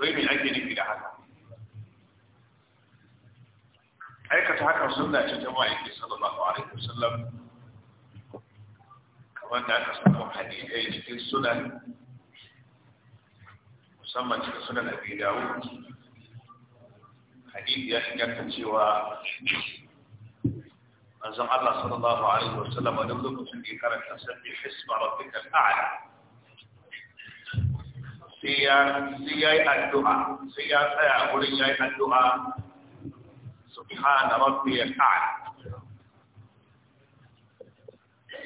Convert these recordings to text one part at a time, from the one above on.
to yi mai ake nufi da haka aikata haka sunna ce ta ma'aiki sallallahu alaihi wasallam kamar da aka samu hadisai cikin sunan musamman cikin sunan abi dawud hadisi ya shigarta cewa manzon Allah sallallahu alaihi wasallam wani lokacin da ya karanta sabbi hisba rabbikal a'la سيئة الدعاء سيئة أولياء الدعاء سبحان ربي الأعلى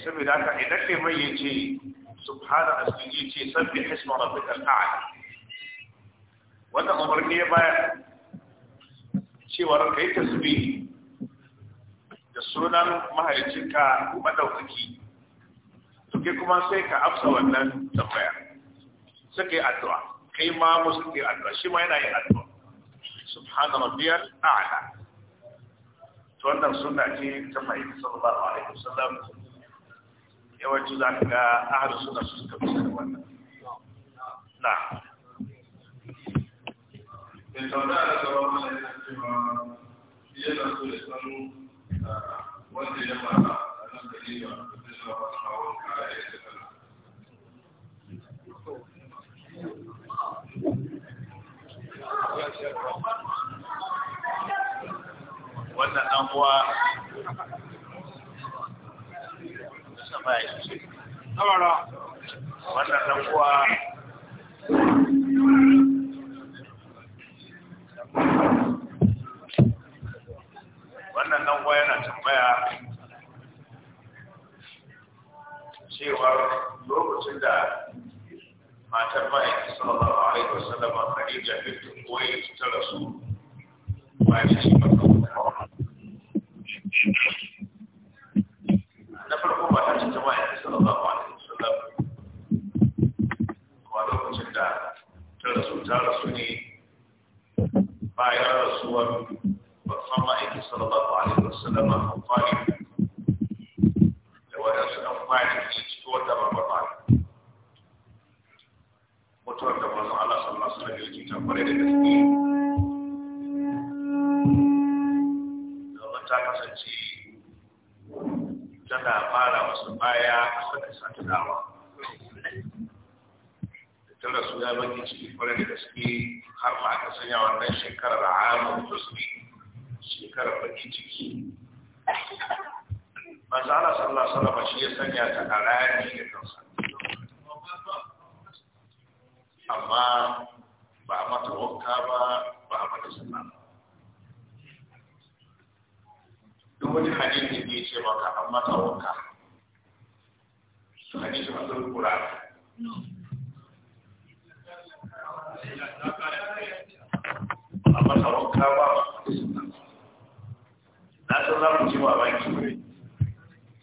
سمي ذاك إذا ما يجي سبحان أسمي يجي سبح اسم ربك الأعلى وأنا أمرني ما شي ورقة تسبيح sunan mahaifinka madaukaki, suke kuma sai ka afsa wannan tambaya. suka yi addu'a kai ma musu yi addu'a shi ma yana yin addu'a subhana rabbiyal a'la to wannan sunna ce ta mai sallallahu alaihi wasallam yawanci za ka ga ahlus sunna su suka fi wannan na da sauran da sauran da yana cewa yana so ya san ah, wanda ya fara a nan da ne ba da sauran wannan dan uwa wannan dan uwa wannan uwa yana tambaya cewa lokacin da matar ma'aiki sallallahu alaihi wasallama khadija bintu kuwait ta rasu bayan shi maka na farko ba ta cikin ma'aiki sallallahu alaihi wasallam kuma lokacin da ta rasu ta rasu ne bayan rasuwar babban ma'aiki sallallahu alaihi wasallama amfani da wadansu amfani kwarai da gaske ta kasance tana mara wasu baya a sanin satinawa da ta rasu ya baki ciki kwarai da gaske har ma aka sanya wannan shekarar amin husni shekarar baki ciki Mazala sallallahu alaihi wasallam shi ya sanya ta a rani da kansa. Amma ba a mata wanka ba ba a mata suna duk wani hadisi ne ce maka an mata wanka su hadisi masu kura a mata wanka ba ba a suna na san za mu ji ba ba ki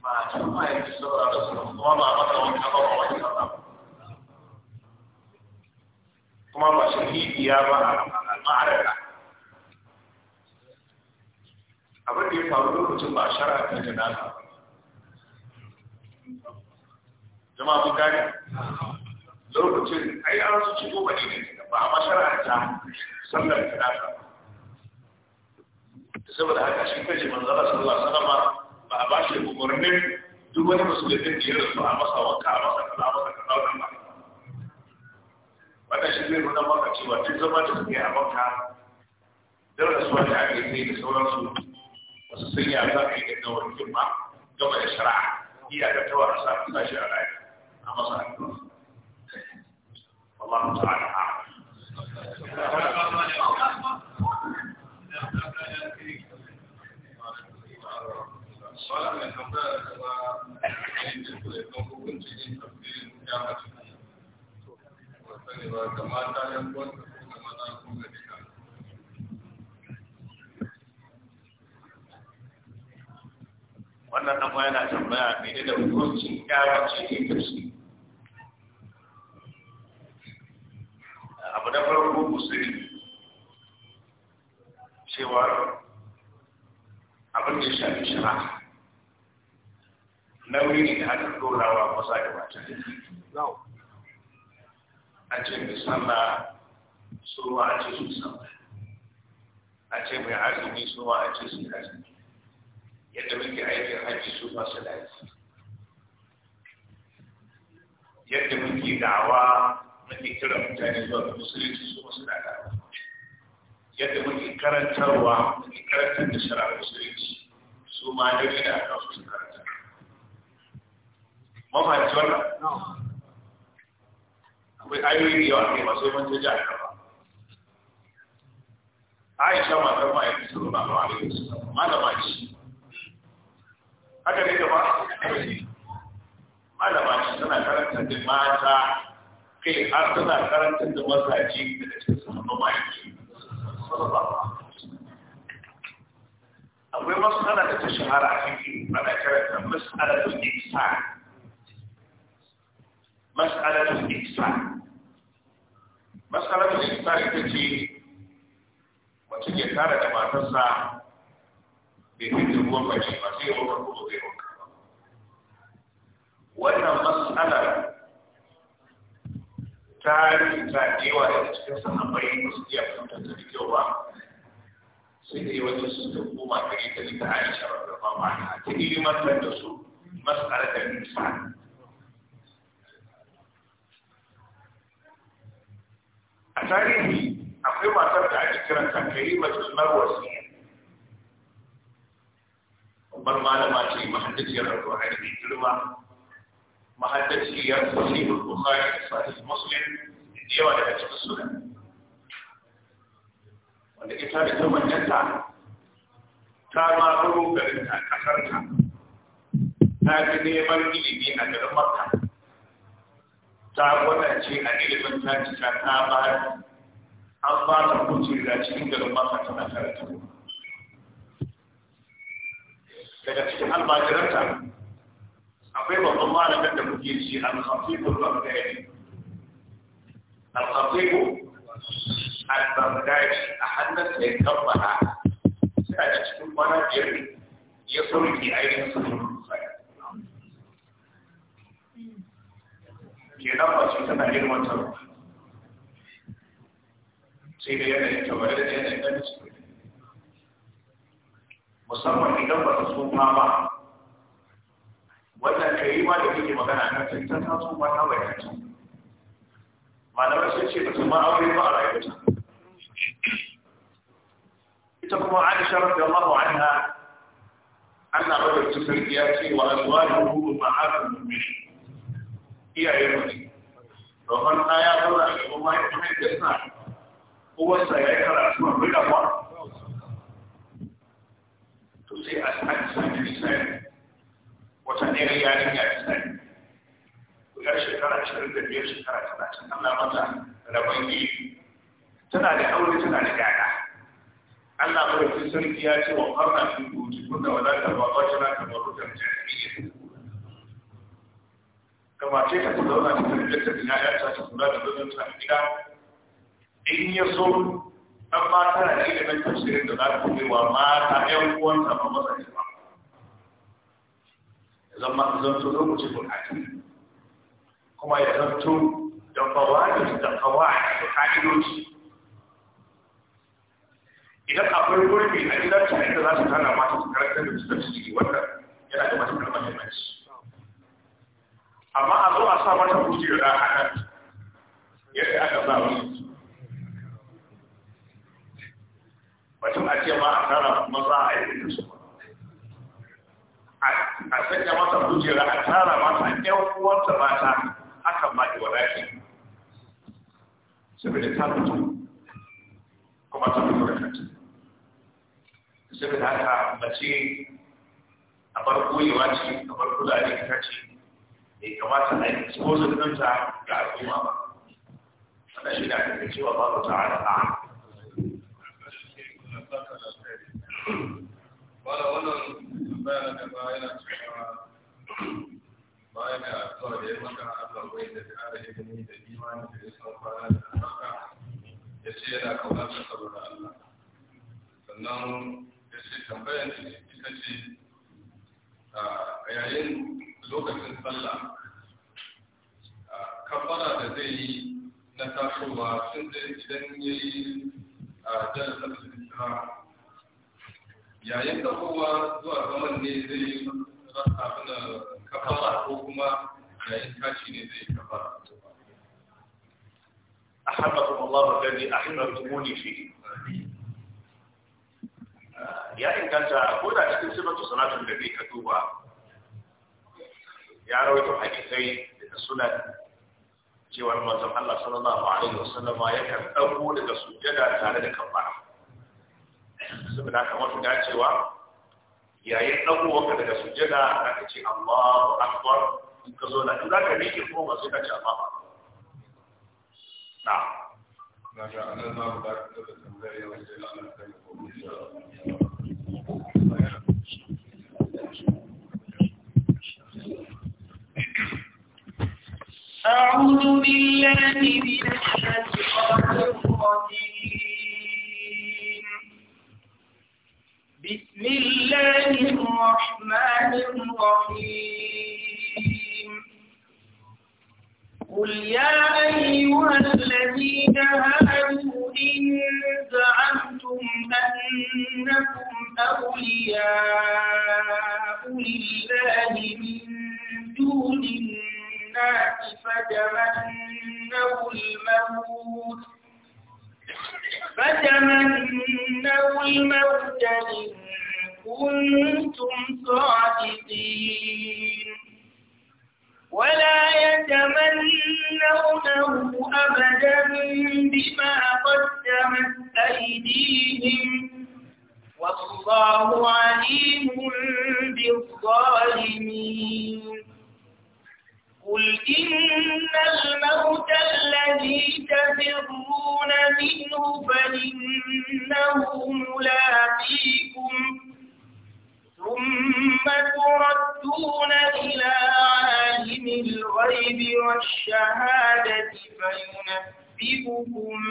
ba a ta ma yi saurara su kuma ba a mata wanka ba ba wani saurara kuma ba ya ba a ma'araka abin da ya faru lokacin ba a shara ta janaza jama'a mun gani lokacin ai an su ci goma ne ba a mashara ta sallar janaza saboda haka shi kace manzara sallallahu alaihi ba a bashi umarnin duk wani masu da ya rasu a masa wanka a masa zai nuna maka cewa duk zama da suke a maka don rasuwa da ake sai da sauransu ba su sun ya za ka yi da wankin ma gama da shara'a iya da tawa a sa a rayu a masa hannu Allah a Thank you. sani ba ga mata yan uwan da maza ko wannan dan ma yana tambaya mene da hukuncin yawa ne abu na farko musulmi cewa abin da ya shafi shara nauyi ne da aka da a ce mai sallah su ruwa a ce su sallah a ce mai azumi su ruwa a ce su azumi yadda muke aikin haji su ba su da yadda muke dawa muke kira mutane zuwa ga musulunci su ba su da dawa yadda muke karantarwa muke karantar da shara musulunci su ma da da aka su karanta mafaci wannan akwai ayoyi da yawa ne masu yawan jaji a gaba aisha matar ma'aikin sallallahu alaihi wasallam malama ce haka ne gaba malama ce tana karanta da mata kai har tana karanta da mazaje daga cikin sahabban ma'aikin akwai masana ta shahara a cikin ana karanta mas'alatul ihsan mas'alatul ihsan masarar da ita ita ce wacce ke tara da matarsa da yi da ruwan bace ba sai wanka ko bai wanka ba wannan matsalar ta yi ta yawa da cikin sahabbai ba su iya fahimtar da kyau ba sai dai wajen su ta koma yi ta ita Aisha ba anha ta yi ilimantar da su mas'alar da misali a tarihi akwai matar da ake kiran ta karima tunar wasiya babbar malama ce mahaddaciyar alƙur'ani mai girma mahaddaciyar sahihul bukhari da sahih muslim da yawa daga cikin sunan wanda ita da ta manyanta ta ma garin ta kasar ta ta ji neman ilimi a garin makka ta wadace a ilimin ta cika ta ba an ba ta da cikin garin masa tana karatu daga cikin almajiranta akwai babban malamin da kuke ci al-khatibul baghdadi al-khatibu al-baghdadi a hannun sa ya kammala sai a cikin kwana biyar ya surki ainihin kenan mace tana girman ta sai da yanayin ta bare da yanayin da su musamman idan ba ta tsufa ba wannan kai ma da kike magana kan ta ita ta tsufa ta bai ta malamai sun ce ba su ma aure ba a rayuwarta ita kuma Aisha radiyallahu anha Allah bai ta sarki ya ce wa azwajuhu ma'arifun mu'minin iyaye mutum domin na ya zauna a gaban mahaifin da suna sa ya yi karatu a bai to sai a sa'adi sa'adi sai wata ne ya yi ya yi sa'adi ya shekara ashirin da biyar shekara tana talatin Allah mata rabon yi tana da aure tana da gada Allah fi sarki ya ce wa farna fi buji kuna wadatar ta ba ba tana ta baro ta jami'a kamace ta zauna ta tarbiyyar ta dina ya ta ta kula da ta gida in ya na da ilimin tafsirin da za wa mata ƴan ba masa ne ba lokacin bukatu kuma ya zanto da da da idan akwai gurbi a gidan ta inda za su tana mata su karanta da su tafsiri wannan yana da matuƙar amma a zo a sa mata kujera a nan yadda aka sa wani mutum a ce ma a tara maza a yi su a sanya mata kujera a tara masa ƴan uwanta mata hakan ma iwalashi saboda ta mutu kuma ta mutu da kanta saboda haka mace a bar koyewa ce a bar kula da ita ce bai kamata a yi exposure ɗinsa ga al'umma ba wannan shi ake daga cewa babu ta'ala a wala wannan bayan da ba yana cewa bayan da kawai da ya maka Allah wai da ƙara ilimi da imani da ya san kwana da haka ya ce yana kaunar da saboda Allah sannan ya ce tambayar ita ce a yayin lokacin sallah kafara da zai yi na tasowa sun da idan ya yi a jalsar isra yayin da kowa zuwa zaman ne zai yi abin da kafara ko kuma yayin tashi ne zai yi kafara أحبكم الله الذي أحببتموني فيه ya inganta ko da cikin sifatu salatul nabi ka duba ya rawaito hakikai daga sunan cewar manzon Allah sallallahu alaihi wasallam ya kan dauko daga sujjada tare da kabbara saboda haka su dacewa yayin dauko ka daga sujjada zaka ce Allahu akbar in ka zo na in ka miƙe ko ba sai ka ce amma akbar na na ga annabawa da da tambaya da Allah ya kai ko أعوذ بالله من الشيطان الرجيم بسم الله الرحمن الرحيم قل يا أيها الذين هادوا إن زعمتم أنكم أولياء لله فتمنوا الموت فتمنوا الموت إن كنتم صادقين ولا يتمنونه أبدا بما قدمت أيديهم والله عليم بالظالمين قل إن الموت الذي تفرون منه فإنه ملاقيكم ثم تردون إلى عالم الغيب والشهادة فينبئكم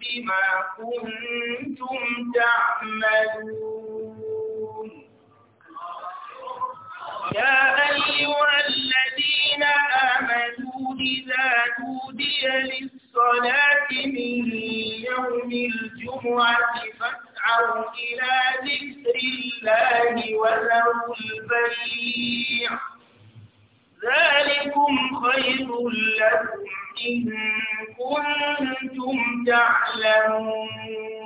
بما كنتم تعملون يا أيها الذين آمنوا إذا تودي للصلاة من يوم الجمعة فاسعوا إلى ذكر الله وذروا البيع ذلكم خير لكم إن كنتم تعلمون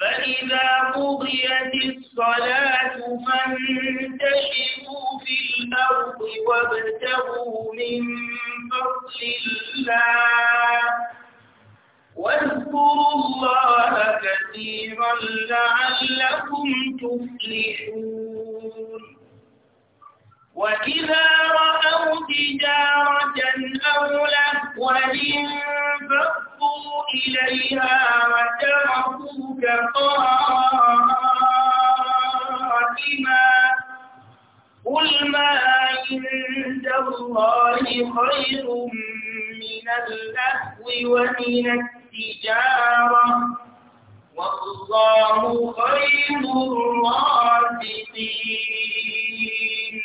فإذا قضيت الصلاة فانتشروا في الأرض وابتغوا من فضل الله واذكروا الله كثيرا لعلكم تفلحون وإذا رأوا تجارة أو لهوا إليها وتركوك قائما قل ما عند الله خير من اللهو ومن التجارة والله خير الرازقين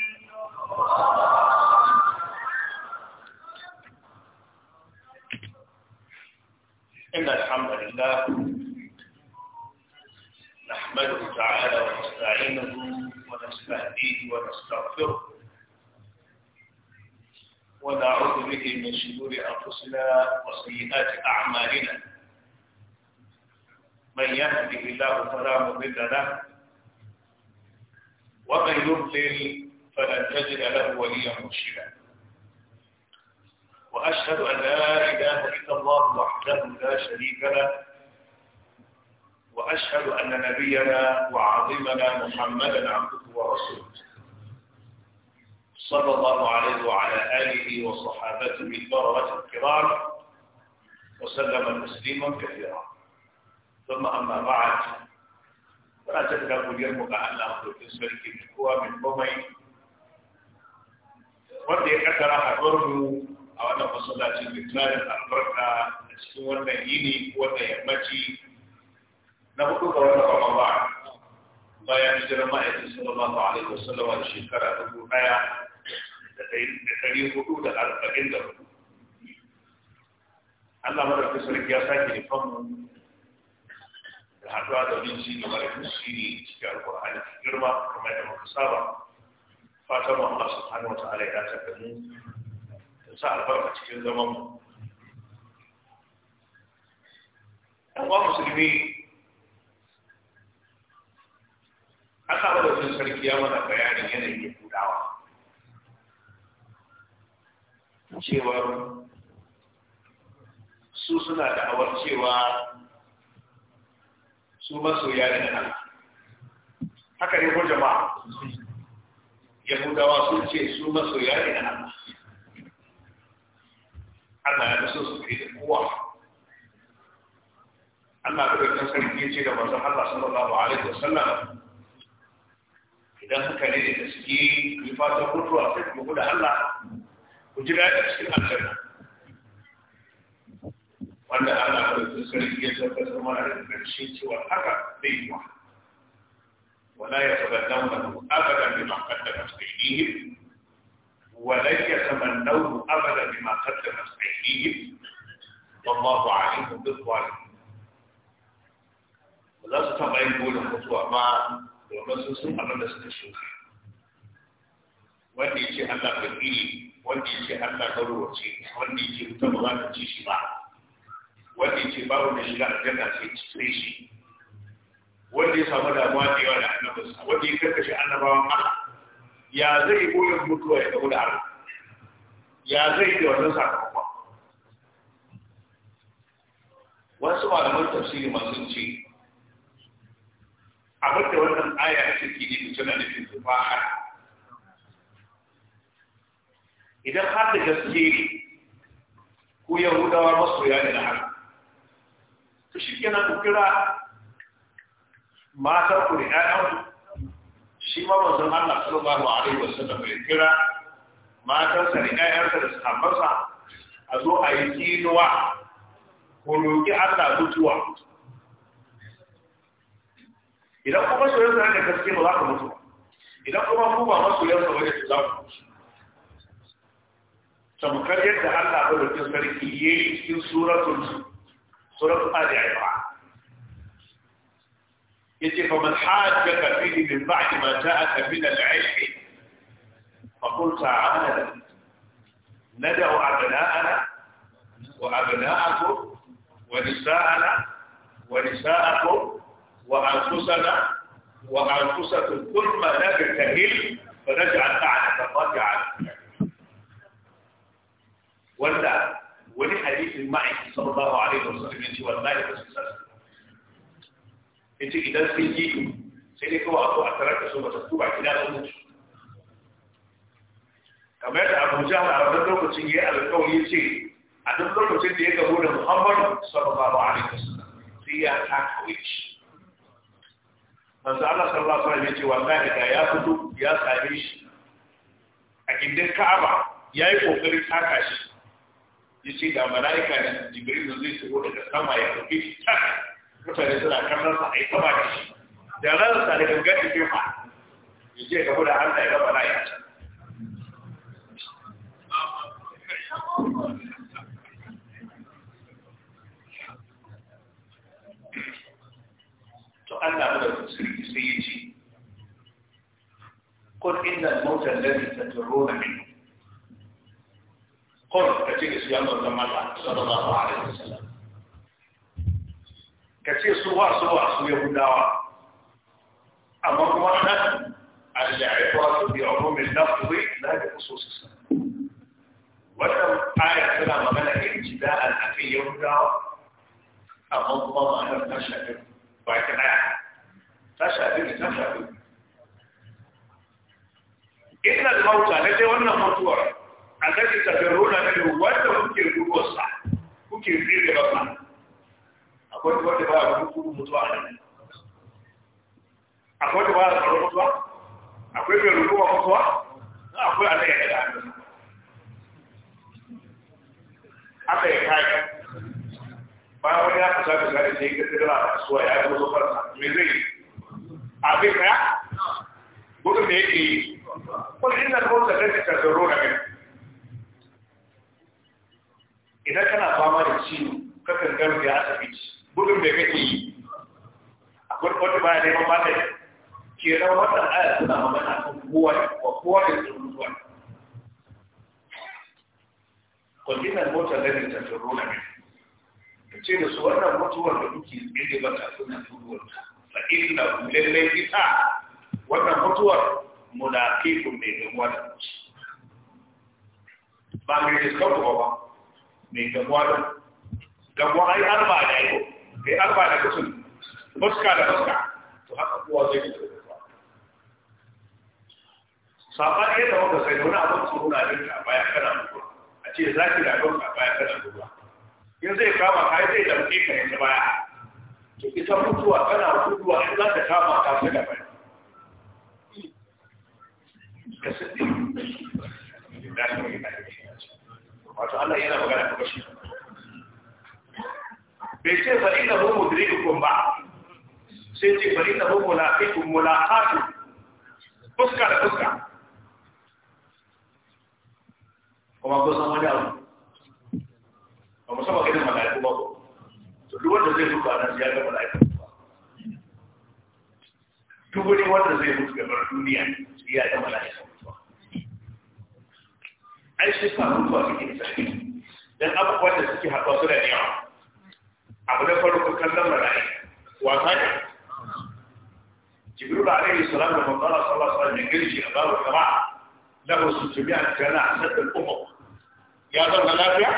إن الحمد لله نحمده تعالى ونستعينه ونستهديه ونستغفره ونعوذ به من شرور أنفسنا وسيئات أعمالنا من يهده الله فلا مضل له ومن يضلل فلن تجد له وليا مرشدا وأشهد أن لا إله إلا الله وحده لا شريك له وأشهد أن نبينا وعظيمنا محمدا عبده ورسوله صلى الله عليه وعلى آله وصحابته البررة الكرام وسلم تسليما كثيرا ثم أما بعد فلا تذهبوا اليوم كأن أخذ تسلك من من قومي ودي ya kaddara a wannan masallacin da tarin albarka a cikin wannan yini wannan yammaci na hudu ga wannan ramadan bayan hijirar ma'aikin sallallahu alaihi wasallam a shekara dubu daya da ɗari hudu da arba'in da hudu Allah madaukakin sarki ya sake nufan mu da haɗuwa da wani shi ne mara kusiri cikin alƙur'ani girma kamar da muka saba fatan mu Allah subhanahu wa ta'ala ya dace da mu da sa albarka cikin zaman mu ɗan musulmi aka ba da sarki ya mana bayanin yanayin da kudawa cewa su suna da awar cewa su masoya yare nan haka ne ko jama'a yahudawa sun ce su masoya ne nan Allah ya so su fi da kowa Allah da kan sarki ya ce da manzon Allah sallallahu alaihi wasallam idan suka ne da suke yi fatan mutuwa sai ku gudu Allah ku jira da cikin aljanna wanda Allah da kan sarki ya tabbata mana da karshe cewa haka zai yi wa ولا يتبدلونه ابدا بما قدمت ايديهم ولن يتمنوه أبدا بما قدمت أيديهم والله عليم بالظالمين taɓa yin يقول mutuwa ba, domin sun sun abin da suka shuka wanda ya ce Allah bai iri wanda ya ce Allah garuwace wanda ya ce wuta ba za ta ci shi ba wanda ya ce babu da shiga aljanna sai ci sai shi wanda ya samu damuwa da yawa da annabinsa wanda ya karkashe annabawan Allah ya zai goyon mutuwa ya da Allah ya zai da wannan sakamakon wasu malaman tafsiri masu ce abin da wannan aya suke ne na nufin har idan har da gaske ne ko yahudawa masu ne na har to shi kenan ku kira matar ku da 'ya'yanku shi ma manzon Allah sallallahu alaihi da mai kira matansa da ƴaƴansa da sahabbansa a zo a yi kinuwa ko roƙi Allah mutuwa idan kuma soyayya da kake gaske ba za ka mutu idan kuma ku ba masoyarsa wani su za ku mutu tamkar yadda Allah ba da sarki yayi cikin suratul suratul ali ba. يتي فمن حاجك فيه من بعد ما جاءك من العلم فقل عملا ندعو أبناءنا وأبناءكم ونساءنا ونساءكم وأنفسنا وأنفسكم كل ما نبتهل فنجعل بعد تطاجع ولا ولحديث معي صلى الله عليه وسلم والمالك والسلام yace idan sun yi sai dai kawai zo a tarar da su matattu a gida sun mutu kamar da Abu Jahl a wannan lokacin ya yayi alƙawari ce a duk lokacin da ya gabo da Muhammad sallallahu alaihi wasallam sai ya kawai shi manzo Allah sallallahu alaihi wasallam yace wallahi da ya fito ya same shi a gindin Ka'aba yayi kokarin ta shi yace da mala'ika ne Jibril zai shigo daga sama ya dauke shi mutane suna kallon sa a yi saba da shi da ransa da gangan jikin fa ya ce gaba da Allah ya gaba mai gabuwa don gabuwa ai arba da yi kai arba da kusur fuska da fuska to haka kowa zai fito saba ne da wanda sai wani abin su na jin ka baya kana mutuwa a ce za ki da ka baya kana mutuwa in zai kama ka zai muke ka ne baya to ita mutuwa kana mutuwa in za ta kama ta sai da baya ka sani da shi ne wato Allah yana magana ta shi bai ce fa inna hu mudrikukum ba sai ce fa inna hu mulaqikum mulaqatu fuska da fuska kuma ko san wani abu ba mu saba ganin malaiku ba ko to duk wanda zai duka nan ya ga malaiku duk wani wanda zai mutu gaban duniya ya ga malaiku ai shi sa mutuwa suke sarki dan abubuwan da suke haɗuwa su da yawa abu na farko kallon mara'i wasa ne jibril alaihi salam da manzara sallallahu alaihi wasallam ya girshi a babu kama lahu sutubiyat kana sadal umma ya zama lafiya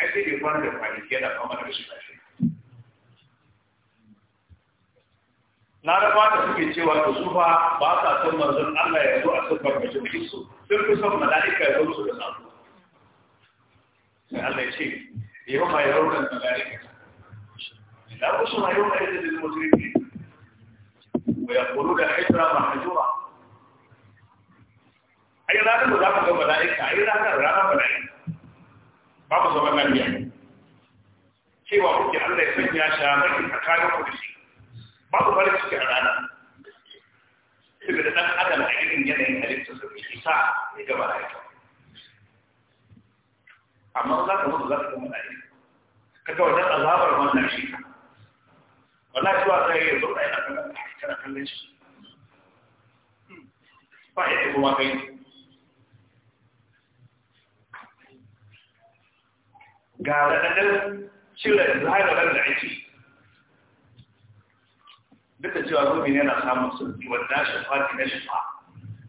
ai sai da kwana da kwanaki yana fama da shi lafiya na da suke cewa da su fa ba sa son manzon Allah ya zo a sabbar mace mai su sun fi son mala'ika ya zo su da sabo sai Allah ya ce ya yi ma ya raukan mala'ika la kusu ma yau ma yadda da musulmi ku ya kuru da ma mahajura ai ranar da za ku ga mala'ika ai ranar ranar mala'ika ba. nan ne cewa kuke Allah ya sanya shi a tsakanin ku da shi babu farin ciki a rana saboda dan adam a irin yanayin halitta su ke isa ya gaba da ita amma za ka mutu za ka kuma da ita kaga wajen azabar wannan shi wala shi wata ya zo da yana kallon kana kallon shi ba ya ta kuma kai ga raɗaɗin cire zahirar da ake duk da cewa zobe ne na samun sauki wanda shafa ne na shafa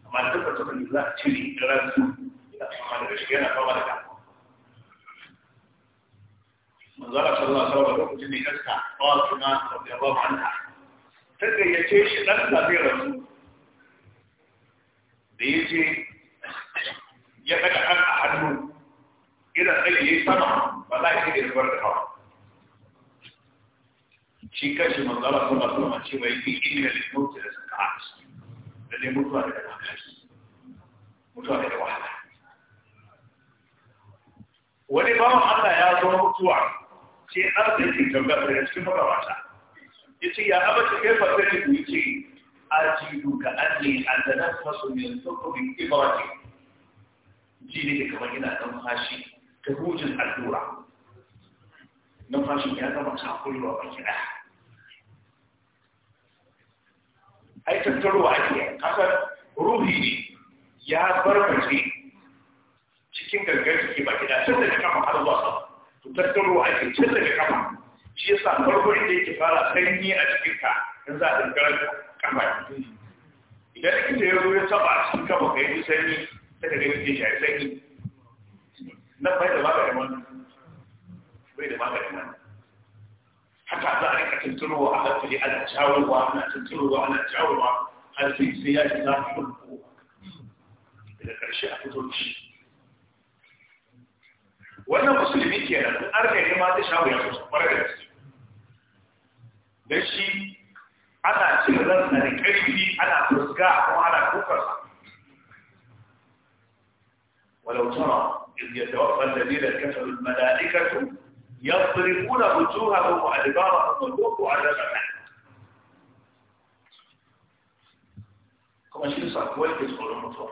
amma duk da tukun za a cire ran su ina fama da shi yana fama da damuwa manzara sallallahu alaihi wasallam lokacin da ya ska ba su na rabbi ba manta ta gayyace shi dan da zai rasu da yace ya daga kan a hannu idan sai yayi sama ba za ki da barka ba shi kashi manzala sun masu ma ce mai yi inda ya limon da suka haɗu da dai mutuwa da dama mutuwa da wahala wani bawan Allah ya zo mutuwa sai an da ke tambar da cikin magabata ya ce ya aba ta kai ku yi ce ajiyu ka ajiye a da nan fasu ne sun kuma ibarati ji ne da kamar ina ɗan fashi ta hujin allura numfashin ya gama sakulwa baki ɗaya ai tattarwa ake kasar ruhi ne ya barbace cikin gangar jiki ba gida tun daga kafa har zuwa sama to tattarwa ake tun daga kafa shi yasa farko inda yake fara sanyi a cikin ka in za a dangar kafa idan likita ya zo ya saba cikin kafa ka yi sanyi ta daga jikin shi sanyi تنتظر وأنا في أنا تجاول وأنا تنتظر وأنا تجاول هل في زيادة لا يحب إلى الأشياء تدل وأنا يا رب أرجع ما تشاور يا سوس مرة بس شيء أنا تجاهل أنا كذي أنا تزكى وأنا كفر ولو ترى إذ يتوفى الذين كفروا الملائكة يضربون وجوههم وأدبارهم وذوقوا عذاب النار. كما شيء صار كويس في سورة المطر.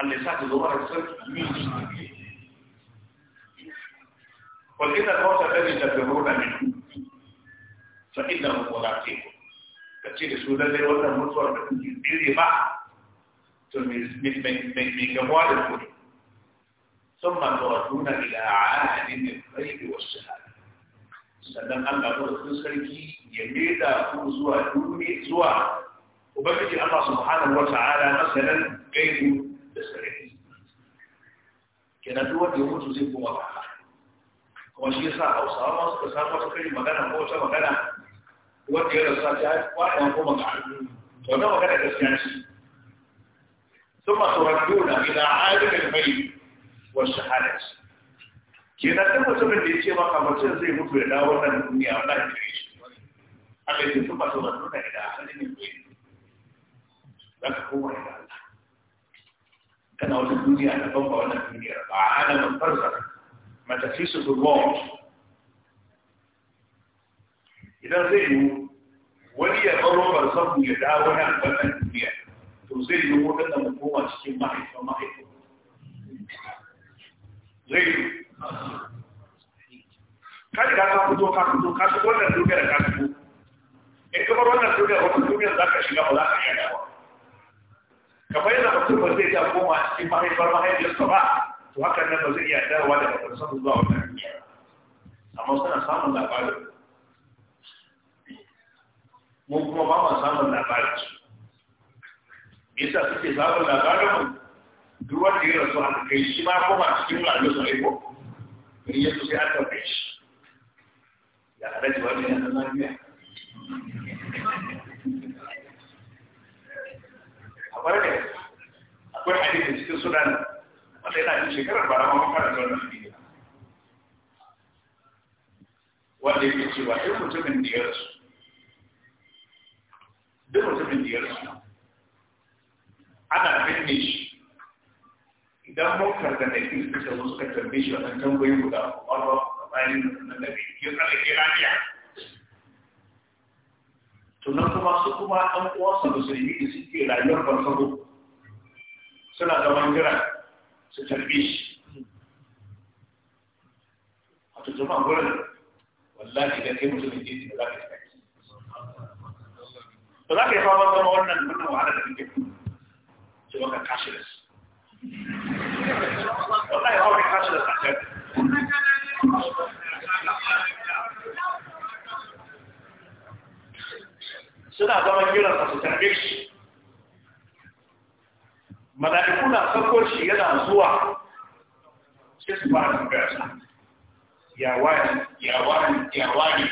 اللي ساعد دوار السرد مين وإن الموت الذي تفرون منه فإنه ملاقيه. كثير سودا لي ولا مطر من ثم من من من من ثم تردون إلى عالم الغيب والشهادة sannan Allah madaukakin sarki ya meda ku zuwa duniya zuwa ubangiji Allah subhanahu wa ta'ala masalan gaibu da sarki kenan duk wanda ya mutu zai kuma ba kuma shi yasa Hausawa ma suka samu wata kai magana ko wata magana wanda ya rasa ta kwaɗa ko magana to wannan magana gaskiya ce ثم تردون إلى عالم الغيب والشهادة kenan duk mutumin da ya ce maka mutum zai mutu ya dawo wannan duniya ba ya kire shi Allah ya ce ba so ba so da ida halin ne koyi za ka koma da Allah kana wata duniya da ban ba wannan duniya ba ana man farsa mata fi su zuwa idan zai yi wani ya baro barsan ya dawo nan wannan duniya to zai yi wani da mu koma cikin mahaifa mahaifa zai yi ka riga ka fito ka fito ka fito wannan ka fito in ka bar wannan za ka shiga ba ka iya dawa kamar yadda mutum ba zai ta koma cikin mahaifar mahaifiyarsa ba to haka nan ba zai iya da ba san zuwa duniya amma suna samun labarin kuma ba samun labarin me yasa suke samun labarin mu duk wanda ya rasu aka kai shi ma koma cikin rayuwar sa ne ko in sai sosai an ɗauke shi da haraji ba mai yana lafiya a barka akwai hadisi cikin sudan wanda yana cikin shekarar bara ma fara da wannan hadisi wanda yake cewa duk mutumin da ya rasu duk mutumin da ya rasu ana binne shi idan haukar da na yi suka zo suka tambaye shi wannan tambayoyi guda ƙwarwa a bayan nan da bai yi tsallake lafiya to nan kuma su kuma ɗan uwansa musulmi da suke rayuwar barsaro suna zaman jira su tarbe shi a to jama'a gurin wallahi da kai musulmi ke da za ka yi ba za ka yi fama zama wannan wannan wahala da kake ce baka tashi da su wallahi aure da sakar suna zaman jiran su tarbe shi mala'iku na farko shi yana zuwa sai su fara tambayarsa ya wani ya wani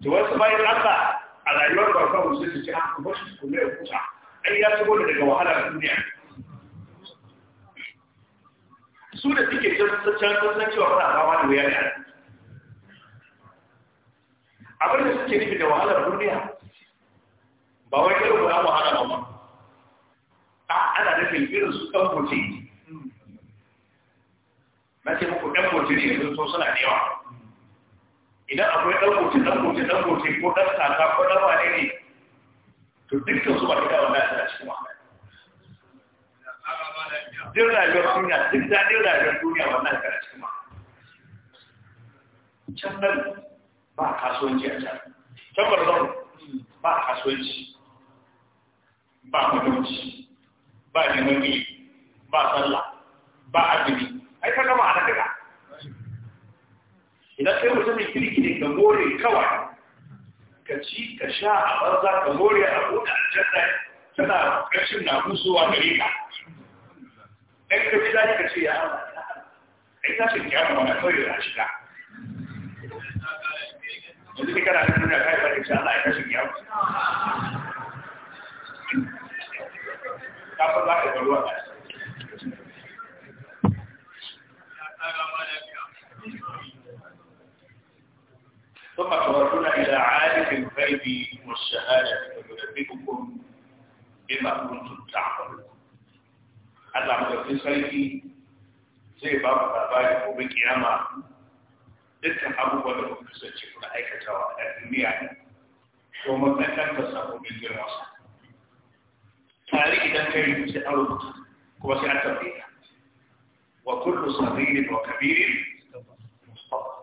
da wasu bayan Allah a rayuwar farko sai su ce a ah, kuma shi kuma ya kusa ai ya shigo daga wahalar duniya su da suke can sun san cewa suna fama da wuyar ne abin da suke nufi da wahalar duniya ba wai irin guda wahala ba a ana da irin su ɗan mutu na ce muku ɗan mutu ne sun so suna da yawa idan akwai ɗan mutu ɗan mutu ɗan mutu ko ɗan kaka ko ɗan wane ne to dukkan su ba ta da wannan a cikin wahala duk rayuwar duniya duk daɗin rayuwar duniya wannan kana cikin ma can nan ba kasuwanci a can can barzan ba kasuwanci ba mutunci ba neman ba sallah ba azumi ai ka gama ana kaga idan kai mutumin kirki ne ka more kawai ka ci ka sha a banza ka more a buɗe a janna tana ƙarshen na gusowa gare ka in ka ji daji ka ce ya hana ai ta ce kiyama wannan kawai da shiga yanzu kai kana da duniya kai ba insha Allah ya tashi kiyama ka fa za ka ga ruwa ثم تردون إلى عالم الغيب والشهادة فينبئكم بما كنتم تعملون Allah madaukin sarki zai ba mu labari gobe kiyama dukkan abubuwa da kuka kasance kuna aikatawa a duniya to domin ɗanɗan ta samu bin girma sa. Tare idan kai sai an rubuta kuma sai an tabbata Wa kullu sabiri wa kabiri Mustafa.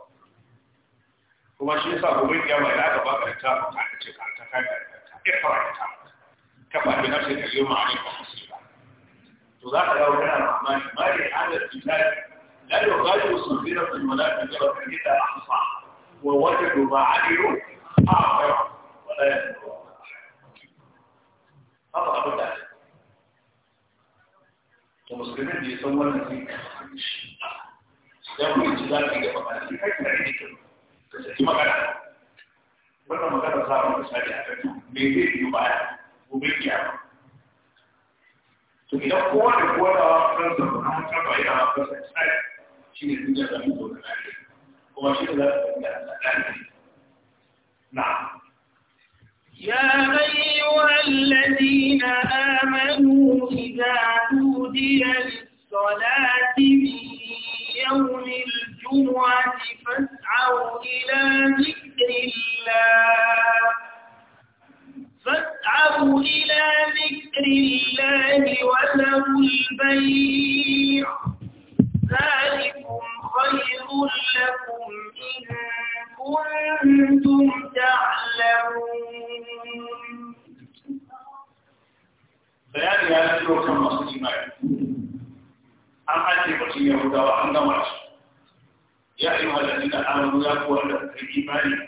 Kuma shi yasa gobe kiyama idan aka ka littafin ka ce ka ta kai ka ta ikra ta. Ka faɗi ka sai ka yi ma'anin ka تلاحظ لو كان الرحمن ما هذا الكتاب لا يغادر صغيرة ولا كبيرة إلا أحصى ووجدوا ما عملوا أعظم ولا هذا أبو تعالى المسلمين بيسوون في يوم الانتظار في في حكم عيدكم كسيتي صار مسألة بيبيت يبعد وبيبيت يعمل to idan kowa da kowa da kansa ba an kaba yana kansa tsari shi ne duniya da mu zaune kuma shi ne za su da na يا أيها الذين آمنوا إذا نودي للصلاة من يوم الجمعة فاسعوا إلى ذكر الله فاسعوا إلى ذكر الله وله البيع ذلكم خير لكم إن كنتم تعلمون بيان هذا الشيء كما أصدقائي أم أتي بشيء يهودا وأنا معش يا أيها الذين آمنوا يا قوة الإيمان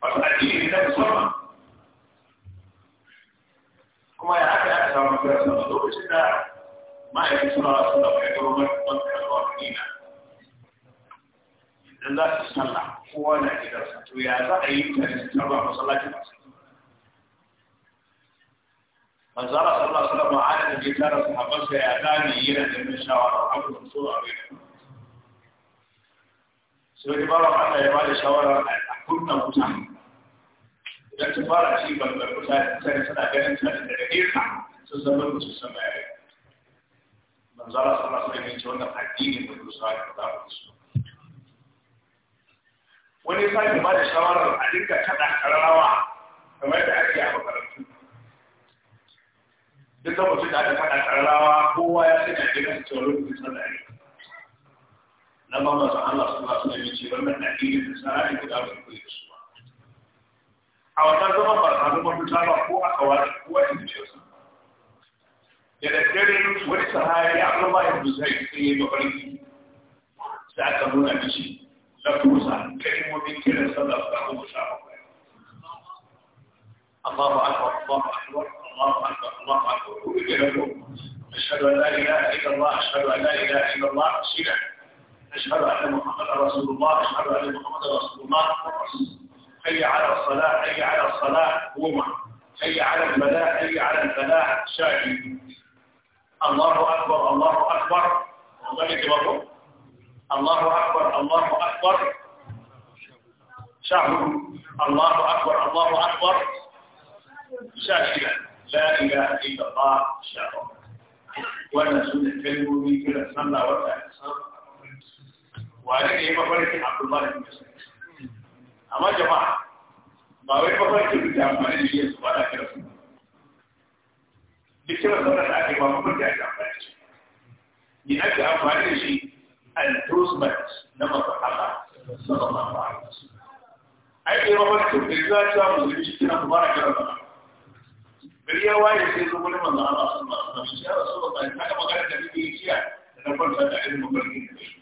wato addini na musamman kuma ya aka aka samu kira suna lokacin da ma'aikin suna suna kwaikwaron makarantar wakilina idan za su sallah kowa na gidansa to ya za a yi mutane su tarba masallacin masu manzara sallah sallah ma'adin da ya tara sahabansa ya gane yana da mai shawara abubuwan so a bai sai wani bawa Allah ya bada shawara a kunna wuta don su fara ci ban karɓi sai suna ganin da daga nesa sun zama ba su san bayani manzo Allah sallallahu da wasallam wannan addini da Musa ya faɗa musu wani ya sake ba da shawarar a dinga kaɗa ƙararrawa kamar da ake a makarantu duk da mutum da aka kaɗa ƙararrawa kowa ya sanya gidan su cewa kusa da ne na ba manzo Allah sallallahu alaihi wasallam ya ce wannan addini da sana'a ne guda ba ku yi su a wannan zaman ba a zaman fita ba ko aka wani ko a inda ce su da daddare wani sahabi a kuma ya buza ya sai ya mafarki sai aka nuna mishi na tusa kalmomin kiran sallah ba ko sha ba الله أكبر الله أكبر الله أكبر الله أكبر أشهد أن لا إله إلا الله أشهد أن لا إله إلا الله أشهد أن محمدا رسول الله أشهد أن محمدا رسول الله حي على الصلاة حي على الصلاة قومة حي على البلاء حي على البلاء شاكي الله أكبر الله أكبر وذلك الله أكبر الله أكبر شعب الله أكبر الله أكبر شاكي لا إله إلا الله شعب وأنا سنة كلمة من كل سنة وأنا وعليه وأنا عبد الله بن مسلم amma jama'a ba wai mafarkin da amfani da yesu ba na kira su duk kira sauran da ake ba mafarki ake amfani da shi ni ake amfani da shi endorsement na mafarka sama ma ba ai da mafarkin da za ta musulmi shi kira su ba na kira su bari ya waye sai zo wani manzo Allah sallallahu alaihi wasallam ya rasu da kai magana da kike yi da na farka da irin mafarkin da kike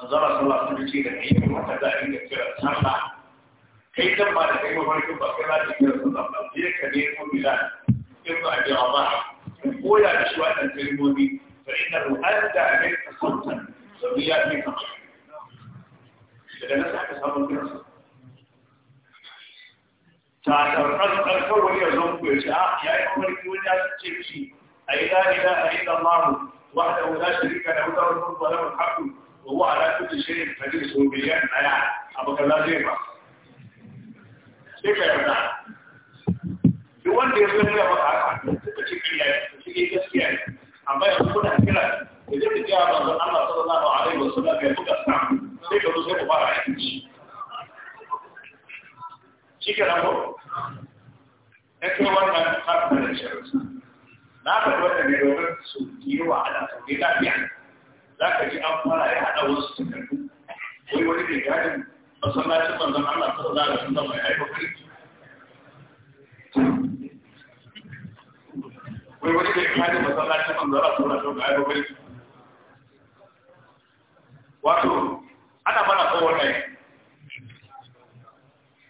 manzara sallah sun ce da ne kuma ta da inda kira sallah kai kan ba da kai mafarkin ba kai za ka kira sallah ba sai ka ne ko bilal in ba a ji a ba koya da shi waɗannan kalmomi fa inna hu adda min tasannan sabi ya fi kama daga nan aka samu kira sallah ta karɓar ƙarfar wani ya zo ku ya ce a ya yi mafarki wani ya ce shi a ila ila a ila mahu wahda wula shirika da wutar rukun kwalar haƙu وهو على كل شيء قدير سو بيان ايا ابو كلا زي ما sai ka yarda duk wanda ya zama ya faɗa haka suka ce kariya ne su eh gaskiya amma yanzu kuna kira da zai tafiya ba Allah sallallahu alaihi wa ya buga sa sai ka zo sai ku fara aiki shi ke ya kai wannan kafin da shirin na ka zo ne domin su yi wa ala sauƙi lafiya za ka ji an fara ya haɗa wasu takardu wai wani mai gadin masallacin manzon Allah sallallahu alaihi wasallam mai aiko kirki wai wani mai gadin masallacin manzon Allah sallallahu alaihi wasallam mai aiko kirki wato ana mana kowa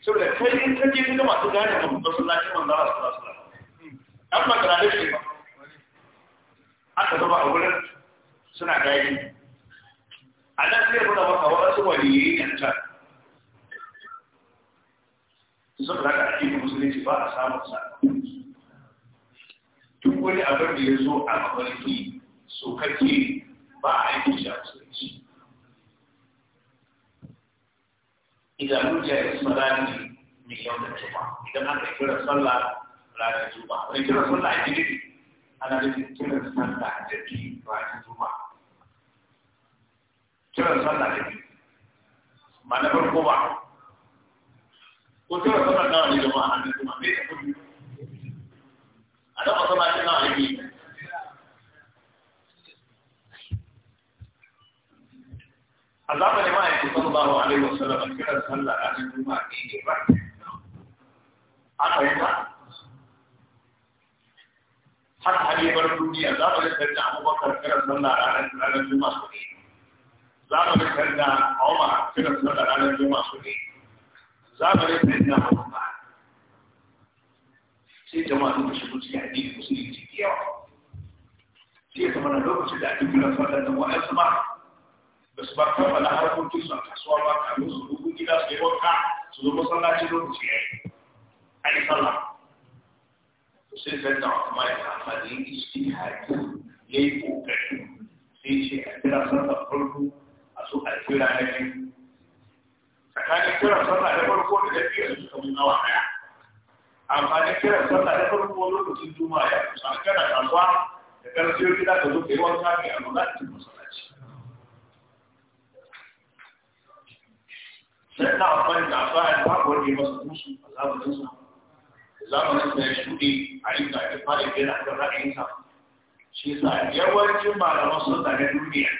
saboda kai in kaje kun ga masu gane da shi manzon Allah sallallahu alaihi wasallam amma kana da shi ba aka zama a wurin suna gari a nan sai kuna maka waɗansu waliyi ne can sun raka ake musulunci ba a samun sa duk wani abin da ya zo a mafarki so kake ba a yi kusa a musulunci idan rujiya ya suna rani mai yau da juma idan aka kira sallah ranar juma wani kira sallah a jirgi ana da kiran sallah a jirgi ranar juma kiran sallah ne ba na farko ba ko kiran sallah nawa ne jama'a a nan kuma me kudu a da masallaci nawa ne a zamanin ma'aikin sallallahu alaihi wasallam kiran sallah a nan kuma ne ba a fahimta har hali bar duniya za mu yi sarki abubakar kiran sallah a ranar juma'a su ne zamanin sanda Umar kira su da ranar Juma'a su ne zamanin da Umar sai jama'a suka shigo cikin addini musulunci da yawa shi ya zama na lokacin da ake kula fadar da wa'ansu ba da su ba kammala harkokin su a kasuwa ba kamin su rubu gida su yi wanka su zo masallaci lokaci ya yi a yi sallah to sai sanda Umar ya amfani da istihadi ya yi kokari sai ce a kira sallar farko su a cikin ranar biyu tsakanin kiran sallah da farko da tafiyar su kamar nawa amma da kiran sallah da farko lokacin juma'a ya kusa kana kasuwa da karfiyar gida ka zo ka yi wanka mai alwala da cikin masallaci sai na amfani da asuwa ya wanda ya masa musu a zamanin sa zamanin da ya shuɗe a inda ake fara gina kan ra'ayinsa shi sa yawancin malaman sun na duniya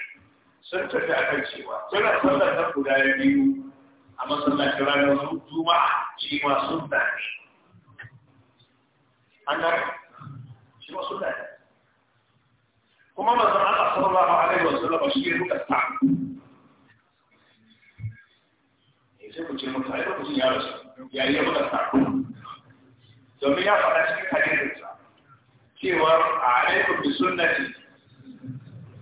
sun tafi a kan cewa suna sallar ta guda biyu a masallacin ranar juma'a shi ma sun da ne an gane shi ma sun da ne kuma mazan Allah sallallahu alaihi wa sallam shi ya ruka ta ne eh, sai ku ce mun sai ku ya rasu ya yi ruka ta domin ya faɗa cikin hadisinsa cewa a alaikum bi sunnati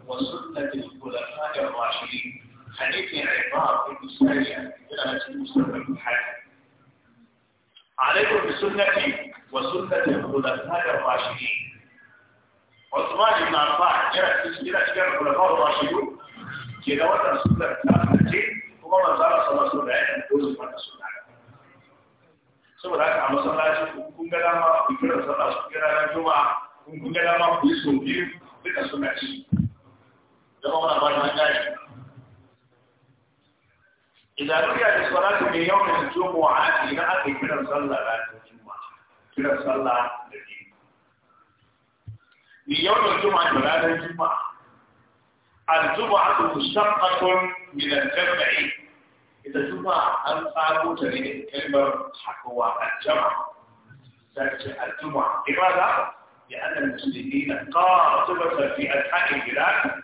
وسنة الخلفاء الراشدين حديث عبارة بن سريع قراءة المستمر الحاكم عليكم بسنتي وسنة الخلفاء الراشدين عثمان بن عفان جاء في سيرة الخلفاء الراشدون كذا وتر سنة الخلفاء وما زال صلى الله عليه وسلم سنة saboda haka a masallaci kun ga dama ku kira sallah ku kira juma'a kun ga dama ku yi sau biyu duka suna ci جمعنا بعد إذا نودي الصلاة في يوم الجمعة إلى أخي من الصلاة الجمعة من الصلاة الجمعة ليوم الجمعة ولا الجمعة الجمعة مشتقة من الجمع إذا الجمعة أن قالوا تريد كلمة حقوة الجمع ذلك الجمعة لماذا؟ لأن المسلمين قاطبة في أنحاء البلاد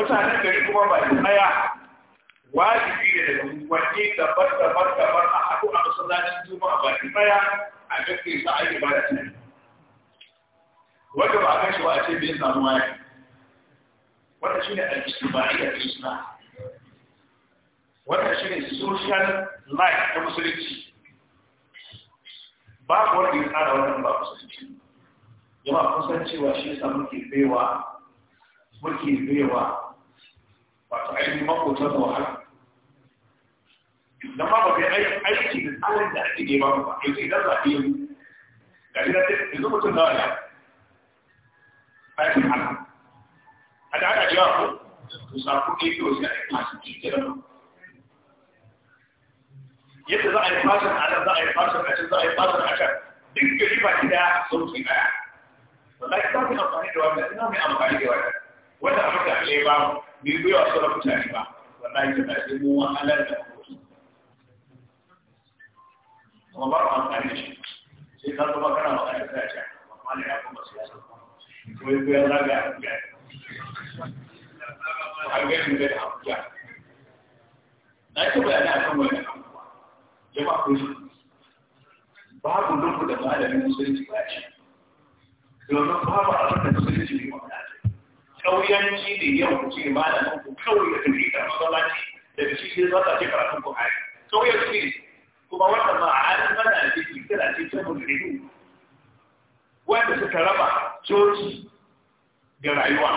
mutanen gari kuma ba su tsaya wajibi ne da wani dabar dabar dabar a haɗu a masallacin juma'a ba su tsaya a gaske sa a ba da tunani wanda ba a kan shi ba a ce bai samu waya wanda shi ne al-ijtimaiyya da islam wanda shi ne social life ta musulunci ba wanda ya tsara wannan ba musulunci shi. kun kusan cewa shi yasa muke baiwa muke baiwa wato ainihin makota da wahala idan ma ba kai aiki da tsarin da ake nema ba ba yanzu idan za a iya ga idan yanzu mutum na wani aikin hana a da ana jiwa ko to sako ne ke wasu yayin masu cikin yadda za a yi fashin a nan za a yi fashin a can za a yi fashin a can duk gari ba ki daya sauki daya wallahi ta fi amfani da wannan ina mai amfani da wannan wannan abin da ya ba mu bai biya wa sauran mutane ba wallahi ta ba sai mun wahalar da kuɗi kuma ba mu amfani da shi sai ka zama kana magana ta ce amma ya kuma siyasa ko ya koyar zaga a kuɗi a gani da hakuya na ci bayanai akan wani abubuwa jama'a ko shi babu lokacin da malamin musulunci ba ce domin babu abin da musulunci kauyanci ne yau ku ce malamin ku kawai da tafi da masallaci daga shi sai zaka ce karatun ku hari kauyanci kuma wannan ma a halin mana da ke kira ce ta mulkidu wanda suka raba coci da rayuwa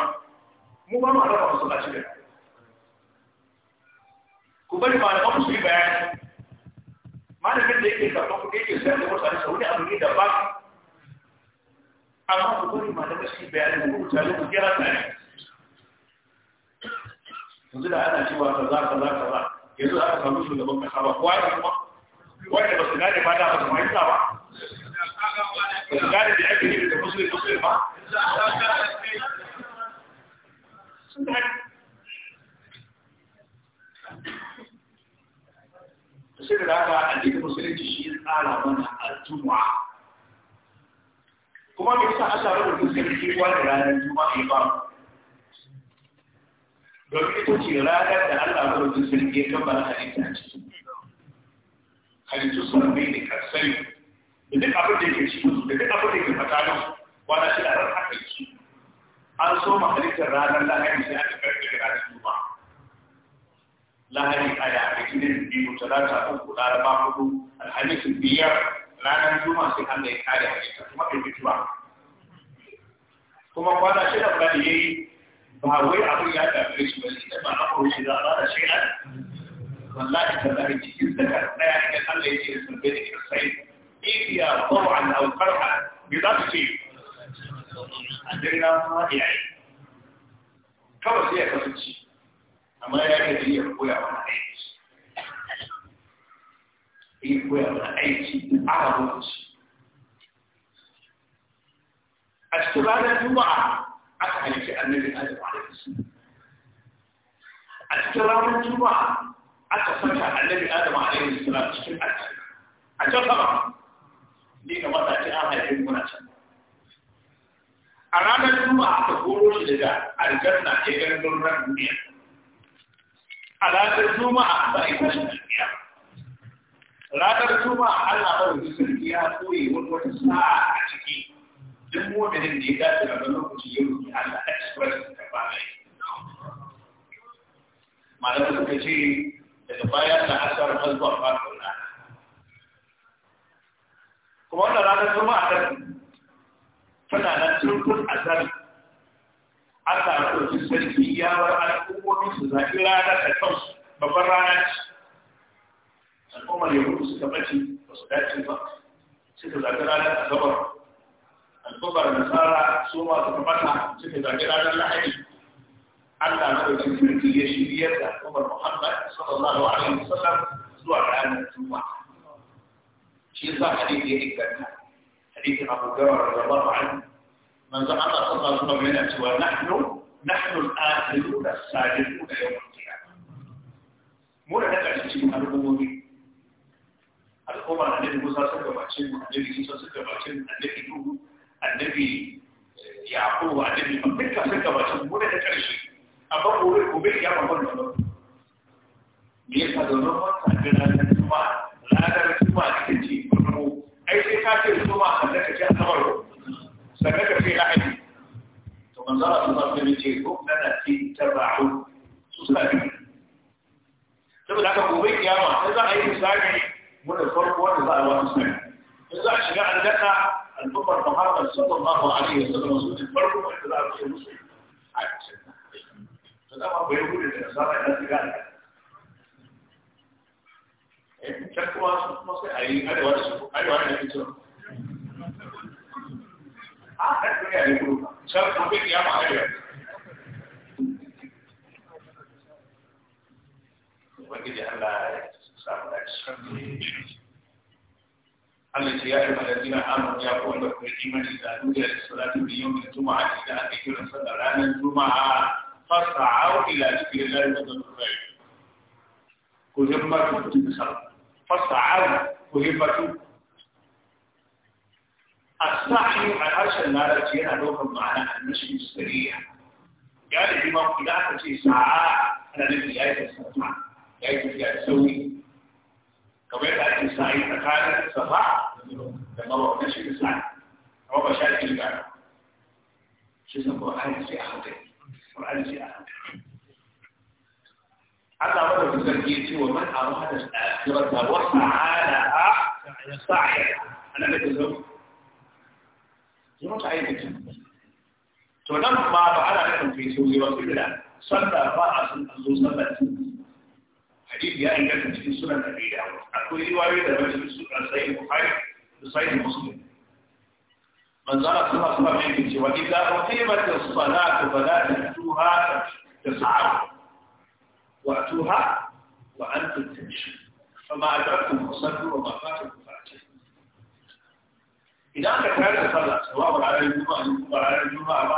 mu ba ma raba masallaci da ku bari ba su yi bayani malamin da yake karɓar kuɗi yake sayar da mutane sau ne abu ne daban amma ku bari malaman su yi bayani ku mutane ku kira tare yanzu da ana cewa kaza kaza kaza yanzu aka samu shugaban kasa ba kowa ya kuma wanda ba su gane ba da ba su fahimta ba ba su gane da ake yi da da musulun ba sai da haka addinin musulunci shi ya tsara mana al'umma kuma me yasa Allah rubuta sarki wani ranar juma'a ya ba mu domin ita ce ranar da Allah ya rubuta sarki ya kammala halitta a ciki halittu suna da karsai da duk abin da yake cikin su da duk abin da yake fatalin wanda shi a ran haka yake an so ma halittar ranar lahari sai aka karfe da ranar juma lahari a ya litinin biyu talata uku laraba hudu alhamis biyar ranar juma sai Allah ya kare halitta kuma bai fituwa kuma kwana shida ba da yayi ba wai abin ya tafi shi ba ne ba na kawai shi za a da shi an wallahi tallahi cikin da ka tsaya ne Allah ya ce sabbe da sai ifiya tawan aw karha bi za ta ce ajira ma ya yi kawai sai ya kasance amma ya ke da iya koya mana aiki iya koya mana aiki a rubuci a cikin ranar juma'a aka halitta annabi Adam alaihi salam a cikin ranar juma'a aka saka annabi Adam alaihi salam cikin aljanna a can sama ni ga mata ce an haifin mu can a ranar juma'a aka koro shi daga aljanna ke ganin gurbin duniya a ranar juma'a ba a yi tashin duniya ranar juma'a Allah ba da sarki ya koyi wani wata sa'a a ciki duk mu'minin da ya dace da lokaci ya roki Allah a cikin wannan karba mai malamin suka ce daga da asar zuwa farkon rana kuma wannan ranar kuma a kan tana nan turkun azar Allah ya ɗauki sarki ya bar al'ummomin su zaɓi ranar da kansu babbar rana ce al'ummar yahudu suka bace ba su dace ba suka zaɓi ranar azabar alkubar nasara su ma masu kamata suka zaɓi ranar lahadi Allah na ɗauki sarki ya shirya da al'ummar Muhammad sallallahu alaihi wa sallam zuwa ranar Juma. Shi yasa hadisi ya inganta hadisin Abu Gawar Dawud radiyallahu anhu manzo Allah sallallahu alaihi wasallam yana cewa nahnu nahnu al-akhiruna as-sadiquna yawm al-qiyamah. Mu da daga cikin al'ummomi al'ummar Annabi Musa suka bace mu Annabi Isa suka bace mu Annabi Nuhu annabi yaƙo annabi man duka sun gabatun gobe da ƙarshe amma gobe gobe ya mamar da ba me yasa da zama tafi ranar tuma ranar tuma da ce farko ai sai ka ce tuma sannan ka ce asabar sannan ka ce lahadi to manzo Allah sallallahu alaihi wasallam ce ko kana ci tabahu su sabi saboda haka gobe kiyama sai za a yi misali mun farko wanda za a wasu sai za a shiga aljanna al'ummar Muhammad sallallahu alaihi wasallam su ne farko wanda za a ce musu a cikin to dama bai gudu da nasara ya shiga eh kan kuma su kuma sai a arewa da su arewa da su a kan duniya ne gudu can kuma bai kiyama arewa Ubangiji Allah أما يعلم الذين امنوا يقول لكم الايمان اذا نودي للصلاه من يوم الجمعه اذا اتيتم صلى رانا الجمعه فاسعوا الى ذكر الله وذكر الخير كذبة تبصر فاسعوا كذبة السعي على هرش النار التي ينا لهم معنا المشي السريع يعني الإمام إذا أتى ساعة أنا نبي آية السماء آية السوي kamar yadda ake sa'i tsakanin safa da marwa na shi islam amma ba sha ke gano shi san ƙwararri sai a hankali ƙwararri sai a hankali Allah wadda ku zargi ce wa man abu hada tsirata wa sa'ada a sa'ida a nan da ke zo yi mata ayyukan to nan ma ba ana nufin fi sauri wasu gida sallah ba a sun zo sallah hadisi ya inganta cikin sunan Abi Dawud akwai riwayoyi da wani sunan Sahih Bukhari da Sahih Muslim manzo Allah sallallahu alaihi wasallam yake cewa idza uqimat as-salat fala tatuha tas'a wa tuha wa antum tamshun fama adrakum fasallu wa ma fatakum fa'tu idan ka kare sallah sawabu ala al-juma'a al-juma'a ba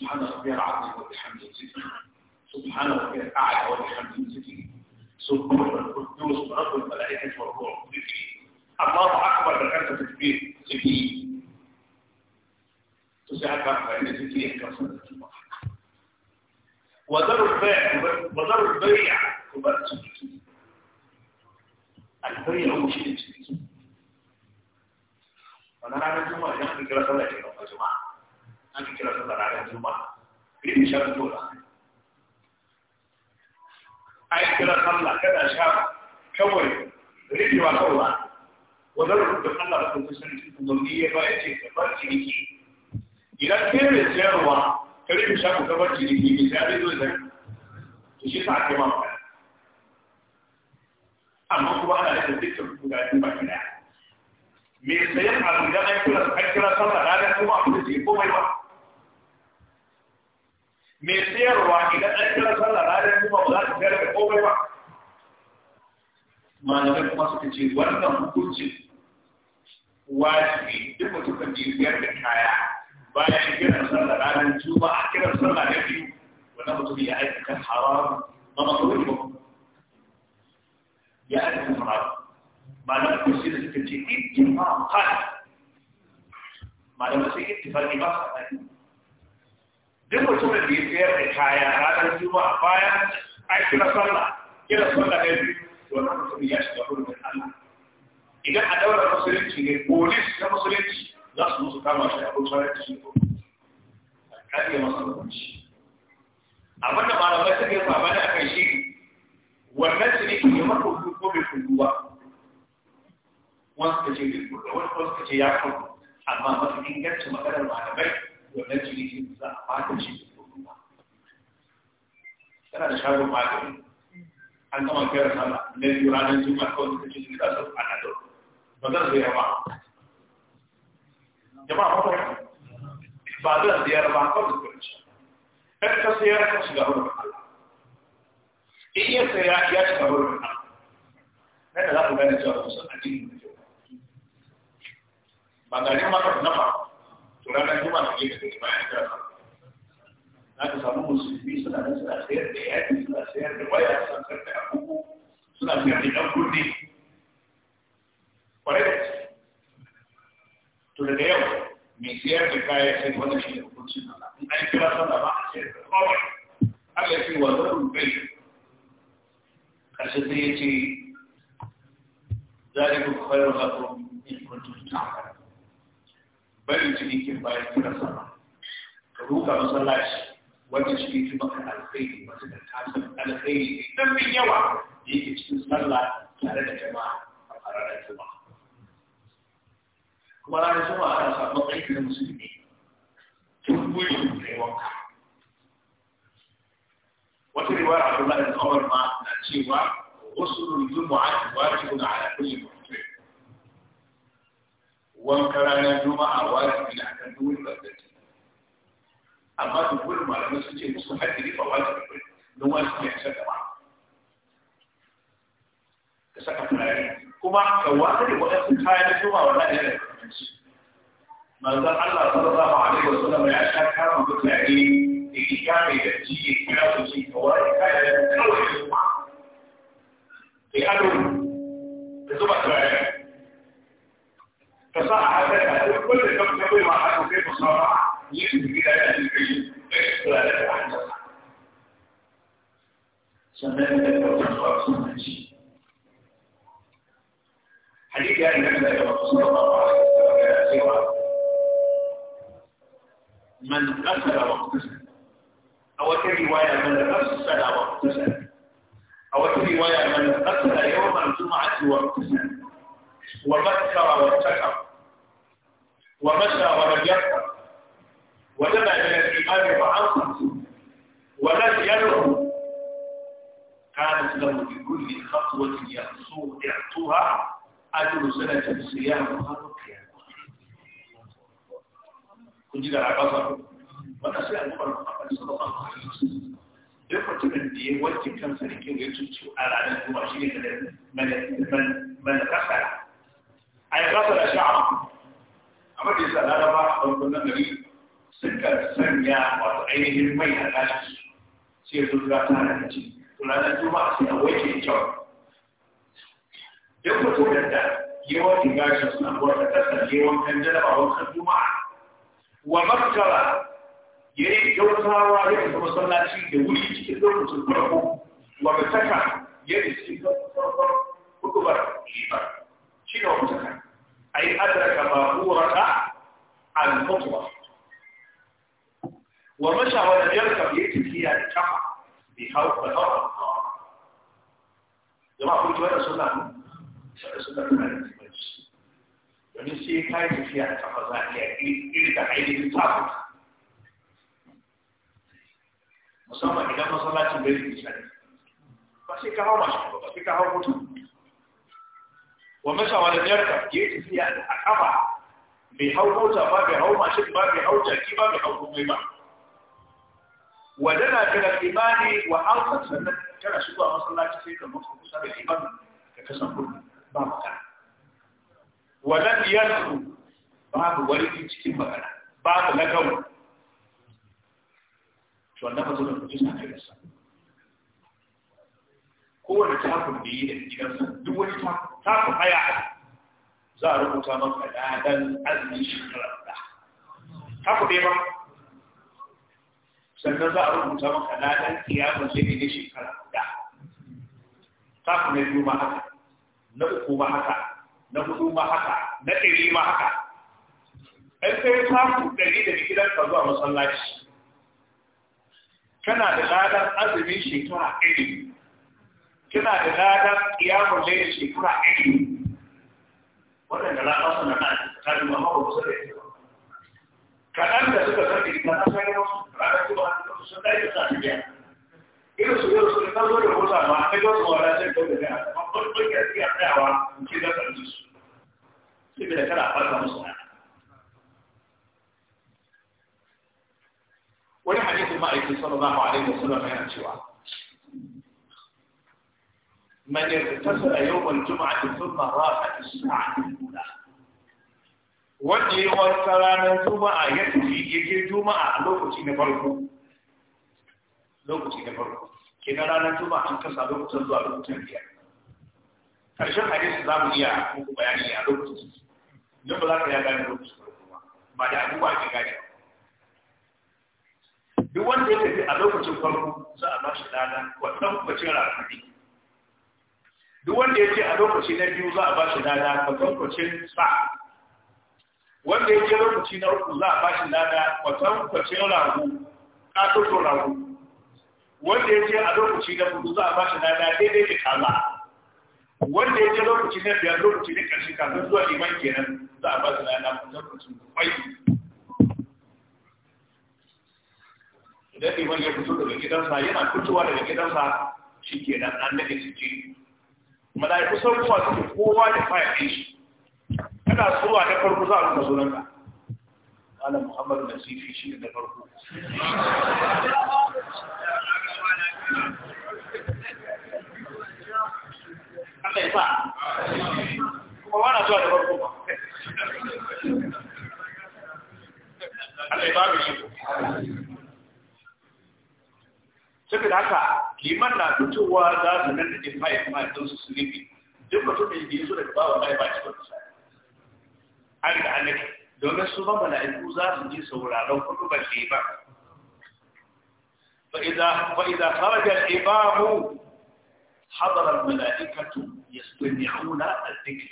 سبحان ربي العظيم وبحمده سبحان ربي الأعلى وبحمده سبحان ربي القدوس رب الملائكة والروح الله أكبر من أنت تكبير ذكي تساعد فإن ذكي في صلاة الوحدة وذر البيع وذر البيع كبار البيع هو شيء ذكي وأنا أعرف ما يحكي كلا صلاة يا جماعة an fi kira sallar ranar juma'a irin sha dola a ay kira sallah kada sha kawai rikewa kawai ba wadar da Allah da kuma sun cikin gombi ya ba ya ce gabar ki idan kai da sayarwa kare rike sha ku gabar ciniki mai sayar da zai to shi ta ke ba. amma kuma ana da dukkan gudajen baki daya mai sayan abu da an kira da ranar juma'a ba zai komai ba mai sayarwa idan an kira sallah ranar kuma ba za ta sayar da komai ba malamai kuma suka ce wannan hukuncin wajibi duk mutum kan ji sayar da kaya bayan kiran sallah ranar juma'a kiran sallah na biyu wannan mutum ya aikata haram ba ma kawai ba ya aikata haram malamai kuma shi da suka ce ittifaq malamai sai ittifaqi ba sa duk mutumin da ya tsayar da kaya ranar juma'a bayan ai kira sallah kira sallah ne to na mutum ya shiga hurumin Allah idan a daura musulunci ne polis na musulunci za su musu kama shi a kusa da shi ko kai ya masu hukunci amma da malamai suke fama da akan shi wannan su ne ke yi maka hukunci ko bai kudu ba wani suka ce bai kudu wani kuma suka ce ya kudu amma mafi ingancin maganar malamai wannan cinikin za a fata shi da kudu ba tana da shagon magani an gama kira sallah na yi ranar juma'a kawai suka ce da da ba zan ziyar ba jama'a ba ba zan ziyar ba kawai suka ka sayar ka shiga wurin Allah in ya saya ya shiga wurin Allah nan da za ku gane cewa musamman addini da kyau ba gari ma ka nafa to ranar juma na gefe da bayan ta za ka samu musulmi suna da suna sayar da yaki suna sayar da waya suna sayar da abubu suna sayar da ɗan kurdi kwarai da to daga yau mai sayar da kaya sai wanda shi ne hukuncin Allah in an kira sallah ba a sayar ya ce wa zarun bai ƙarshe sai ya ce barin cinikin bayan kira sama ka duka masallaci wanda shi ke maka alkhairi wasu da tasir alkhairi idan bin yawa da yake cikin sallah tare da jama'a a fararen juma'a kuma ranar juma'a ana samun aiki na musulmi tun gudu da yawanka wata riwaya a kuma da tsawon ma na cewa wasu juma'a wajibu na kulli mutum wanka ranar juma'a wani bin a kan duwul bazzaci amma duwul malamai su ce musu hadiri ba wani duwul don wani su ne a saka ba ka saka fulani kuma ka wani waɗansu kayan juma'a wani ne da kusanci manzan Allah sallallahu alaihi wa sallam ya sha kama mutane da ke kame da ji ya kira su ci ka wani kayan kawai juma'a. Sai ado da zuba turare فصح ذلك حديث يعني صلى الله عليه وسلم من قتل واقتسل أو رواية من قتل واقتسل أو رواية من قتل يوم الجمعة واقتسل وبكر واتكر ومشى ورجع ولما من الإيمان وعصى ولم يلغ كانت له بكل خطوة يعطوها أجل سنة صيامها وقيامها كنت إذا عبصر وأنا سيأمر محمد صلى الله عليه وسلم duk mutumin da ya wanke kansa da kyau ya cucu a ranar kuma shi ne da a yi kasa da sha'a amma da yasa laraba a farkon na gari suka sanya wato ainihin mai a ɗaki sai su zuwa ta hana ci ranar juma'a sai a wanke kyau duk mutum da yawan gashi suna wata tasar yawan kan jaraba wankan juma'a wa makara ya yi kyautawa ya tafi masallaci da wuri cikin lokacin farko wa mutaka ya yi cikin farko hukumar shi ba shi ne wa mutaka أي أدرك ما أورك المطلق ومشى ولم يركب يجب هي يعني الكفع بخوف الأرض جماعة قلت وين سنة سنة من ومن شيء كاين فيها التفازات يعني إلى تحيل التفاوت مصمم إلى مصلات بيت الإنسان بس كهو الله بس كهو مطلق wa masa wala yarka ya tafiya da akaba mai hau mota ba bai hau ba bai hau jaki ba bai hau komai ba wadana kana imani wa an kasan nan sai ka mutu kusa da imani ka kasan kudu ba magana wadan yanzu babu wani cikin magana babu lagawa to wannan ba zuwa kujin na kai sa kowane takun da yi da gidansa duk wani takun za ku haya a za a rubuta maka ladan azumin shekarar da ta ku ba sannan za a rubuta maka ladan kiyamun shi ne shekarar da Ta ku na duma ma haka na uku ma haka na hudu ma haka na ɗari ma haka ɗan kai ku ɗari da ka zuwa masallaci kana da ladan azumin shekara ɗari kina da ladan kiyamun laili shekara ɗari waɗanda ladan suna na tsakanin amma ba kusa da ita kaɗan da suka san da ita na wasu ranar kuma hannu sun dace sa biya irin su yau su ta zo da mota ma ta ga su wala sai ta da ga amma farkon ya tsaya tsayawa in ce da kan su sai da kana fata musu na wani hadisin ma'aikin sallallahu alaihi wasallam yana cewa من اغتسل يوم الجمعة ثم راح الساعة الأولى wanda ya wata ranar juma'a ya tafi ya je juma'a a lokaci na farko lokaci na ranar juma'a an kasa lokacin zuwa lokacin biyar karshen hadisi za iya muku bayani a lokacin don ba za lokacin duk wanda ya tafi a lokacin farko za a ba shi lada kuma ɗan kwacin rafari duk wanda ya ce a lokaci na biyu za a ba shi lada kwatankwacin sa wanda ya ce lokaci na uku za a ba shi lada kwatankwacin a ƙatoto ragu, wanda ya ce a lokaci na hudu za a ba shi lada daidai da kaza wanda ya ce lokaci na biyar lokaci na ƙarshe kafin zuwa liman kenan za a ba shi lada kwatankwacin kwai idan liman ya fito daga gidansa yana fitowa daga gidansa shi kenan an daga su mala'iku sun kuma su kowa da fayaɗe shi kana zuwa na farko za a rufe sunanka malam muhammadu nasifi shi ne na farko Allah ya sa kuma wana zuwa da farko ba Allah ya ba mu shi saboda haka liman na fitowa za su nan da jifa ya kuma don su su nufi duk mutumin da ya su daga bawa ɗaya ba ci wata kusa an riga an domin su ba mala'iku za su ji sauraron kudu ba shi ba fa'iza farajar imamu hadarar mala'ikatu ya sami'una a zikir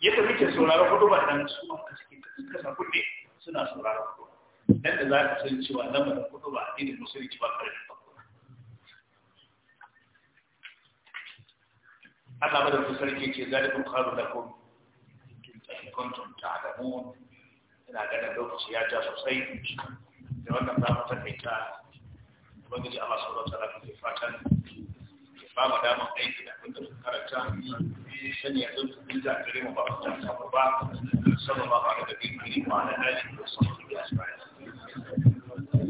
yadda muke sauraron kudu ba nan su ma suke kasa kuɗe suna sauraron kudu nan da za ka san cewa lamarin kudu ba addinin musulunci ba kare da Allah ba da ku sarki ce zalikun kharu lakum in kuntum ta'lamun ina ganin lokaci ya ja sosai da wannan za mu takaita ubangiji Allah subhanahu wa ta'ala ke fatan ya ba mu damar aiki da abin da muka karanta shan ya zo cikin da gare mu ba mu ta samu ba sallallahu alaihi wa sallam wa ala alihi wa sahbihi ajma'in